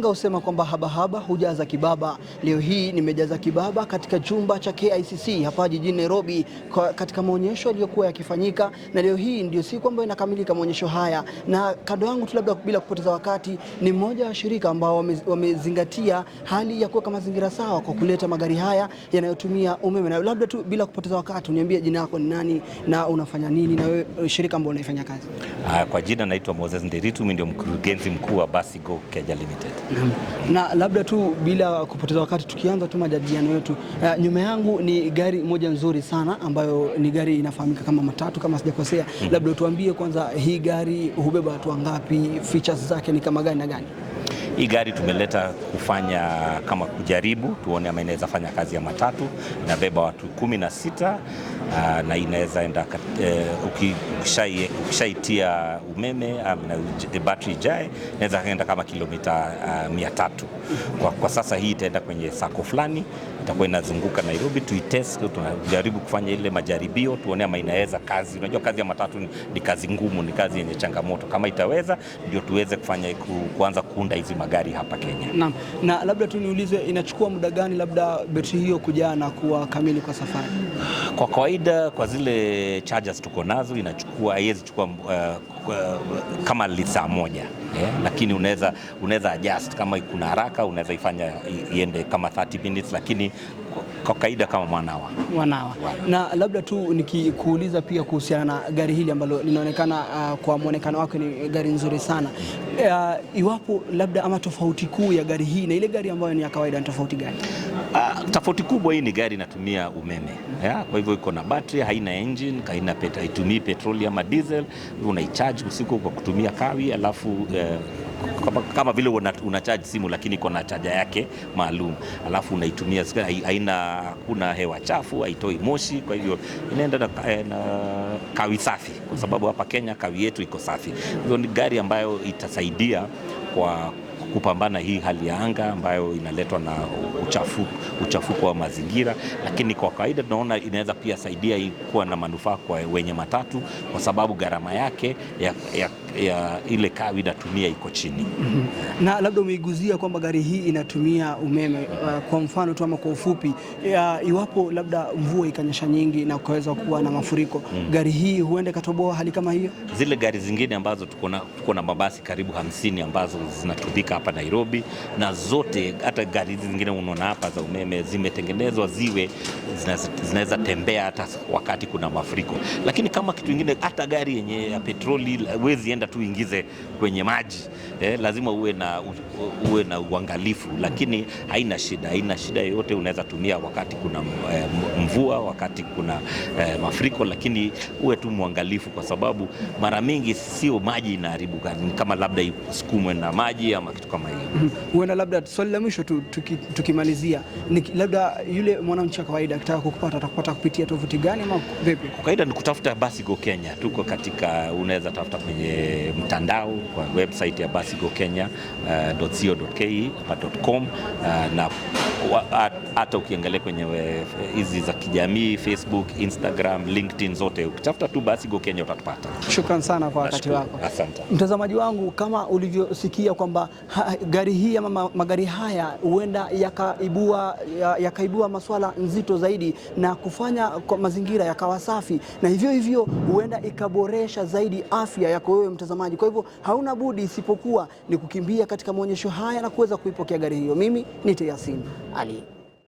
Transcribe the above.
Wahenga husema kwamba habahaba hujaza kibaba. Leo hii nimejaza kibaba katika chumba cha KICC hapa jijini Nairobi, katika maonyesho yaliyokuwa yakifanyika, na leo hii ndio siku ambayo inakamilika maonyesho haya, na kando yangu tu, labda bila kupoteza wakati, ni mmoja wa shirika ambao wamezingatia wame hali ya kuweka mazingira sawa kwa kuleta magari haya yanayotumia umeme. Na labda tu bila kupoteza wakati, uniambie jina lako ni nani na unafanya nini, na wewe eh, shirika ambalo unaifanya kazi? Kwa jina naitwa Moses Nderitu, mimi ndio mkurugenzi mkuu wa Basi Go Kenya Limited na labda tu bila kupoteza wakati tukianza tu majadiliano yetu, uh, nyuma yangu ni gari moja nzuri sana ambayo ni gari inafahamika kama matatu kama sijakosea. Hmm. Labda tuambie kwanza, hii gari hubeba watu wangapi? Features zake ni kama gani na gani? Hii gari tumeleta kufanya kama kujaribu tuone ama inaweza fanya kazi ya matatu, inabeba watu kumi na sita ah, na inaweza enda uh, ukishaitia umeme um, na eh, battery jae inaweza enda kama kilomita uh, mia tatu kwa, kwa sasa hii itaenda kwenye sako fulani itakuwa inazunguka Nairobi, tuitest, tunajaribu kufanya ile majaribio tuone ama inaweza kazi. Unajua kazi ya matatu ni, ni kazi ngumu, ni kazi yenye changamoto. Kama itaweza ndio tuweze kufanya ku, kuanza kuunda hizi magari magari hapa Kenya. Na, Na labda tu niulize, inachukua muda gani labda betri hiyo kujaa na kuwa kamili kwa safari? Kwa kawaida kwa zile chargers tuko nazo inachukua, haiwezi chukua uh, uh kama lisaa moja yeah, lakini unaweza unaweza adjust kama kuna haraka unaweza ifanya iende kama 30 minutes, lakini kwa kaida kama mwanawa. Mwanawa. Na labda tu nikikuuliza pia kuhusiana na gari hili ambalo linaonekana uh, kwa mwonekano wake ni gari nzuri sana uh, iwapo labda ama tofauti kuu ya gari hii na ile gari ambayo ni ya kawaida ni tofauti gani? Uh, tofauti kubwa hii ni gari inatumia umeme ya, kwa hivyo iko na battery, haina engine, haina pet, haitumii petroli ama diesel, unaicharge usiku kwa kutumia kawi alafu uh, kama vile una charge simu lakini iko na chaja yake maalum, alafu unaitumia, haina kuna hewa chafu, haitoi moshi, kwa hivyo inaenda na, eh, na kawi safi, kwa sababu hapa Kenya kawi yetu iko safi. Hivyo ni gari ambayo itasaidia kwa kupambana hii hali ya anga ambayo inaletwa na uchafu, uchafuko wa mazingira, lakini kwa kawaida tunaona inaweza pia saidia kuwa na manufaa kwa wenye matatu kwa sababu gharama yake ya, ya, ya ile kawi inatumia iko chini. mm -hmm. Na labda umeiguzia kwamba gari hii inatumia umeme. Uh, kwa mfano tu ama kwa ufupi, uh, iwapo labda mvua ikanyesha nyingi na ukaweza kuwa na mafuriko mm -hmm. gari hii huenda ikatoboa hali kama hiyo. Zile gari zingine ambazo tuko na mabasi karibu hamsini ambazo zinatumika hapa Nairobi, na zote hata gari hizi zingine unaona hapa za umeme zimetengenezwa ziwe zinaweza tembea hata wakati kuna mafuriko. Lakini kama kitu kingine, hata gari yenye ya petroli huwezi enda tu ingize kwenye maji eh, lazima uwe na, uwe na uangalifu, lakini haina shida, haina shida yoyote, unaweza tumia wakati kuna eh, mvua, wakati kuna eh, mafuriko, lakini uwe tu mwangalifu, kwa sababu mara mingi sio maji inaharibu gari, kama labda isukumwe na maji ama kitu kama hiyo. Huenda labda swali la mwisho tukimalizia, tuki labda yule mwananchi wa kawaida akitaka kukupata atakupata kupitia tovuti gani ama vipi? Kwa kawaida ni kutafuta basi Go Kenya, tuko katika, unaweza tafuta kwenye mtandao kwa website ya basi uh, hapa .com uh, na hata ukiangalia kwenye eh, hizi za kijamii Facebook, Instagram, LinkedIn zote ukitafuta tu basi Go Kenya utatupata. Shukran sana kwa wakati wako. Asante. Mtazamaji wangu, kama ulivyosikia kwamba gari hii ama magari haya huenda yakaibua yakaibua masuala nzito zaidi na kufanya kwa mazingira yakawa safi, na hivyo hivyo huenda ikaboresha zaidi afya yako wewe mtazamaji. Kwa hivyo hauna budi isipokuwa ni kukimbia katika maonyesho haya na kuweza kuipokea gari hiyo. Mimi ni Yasin Ali.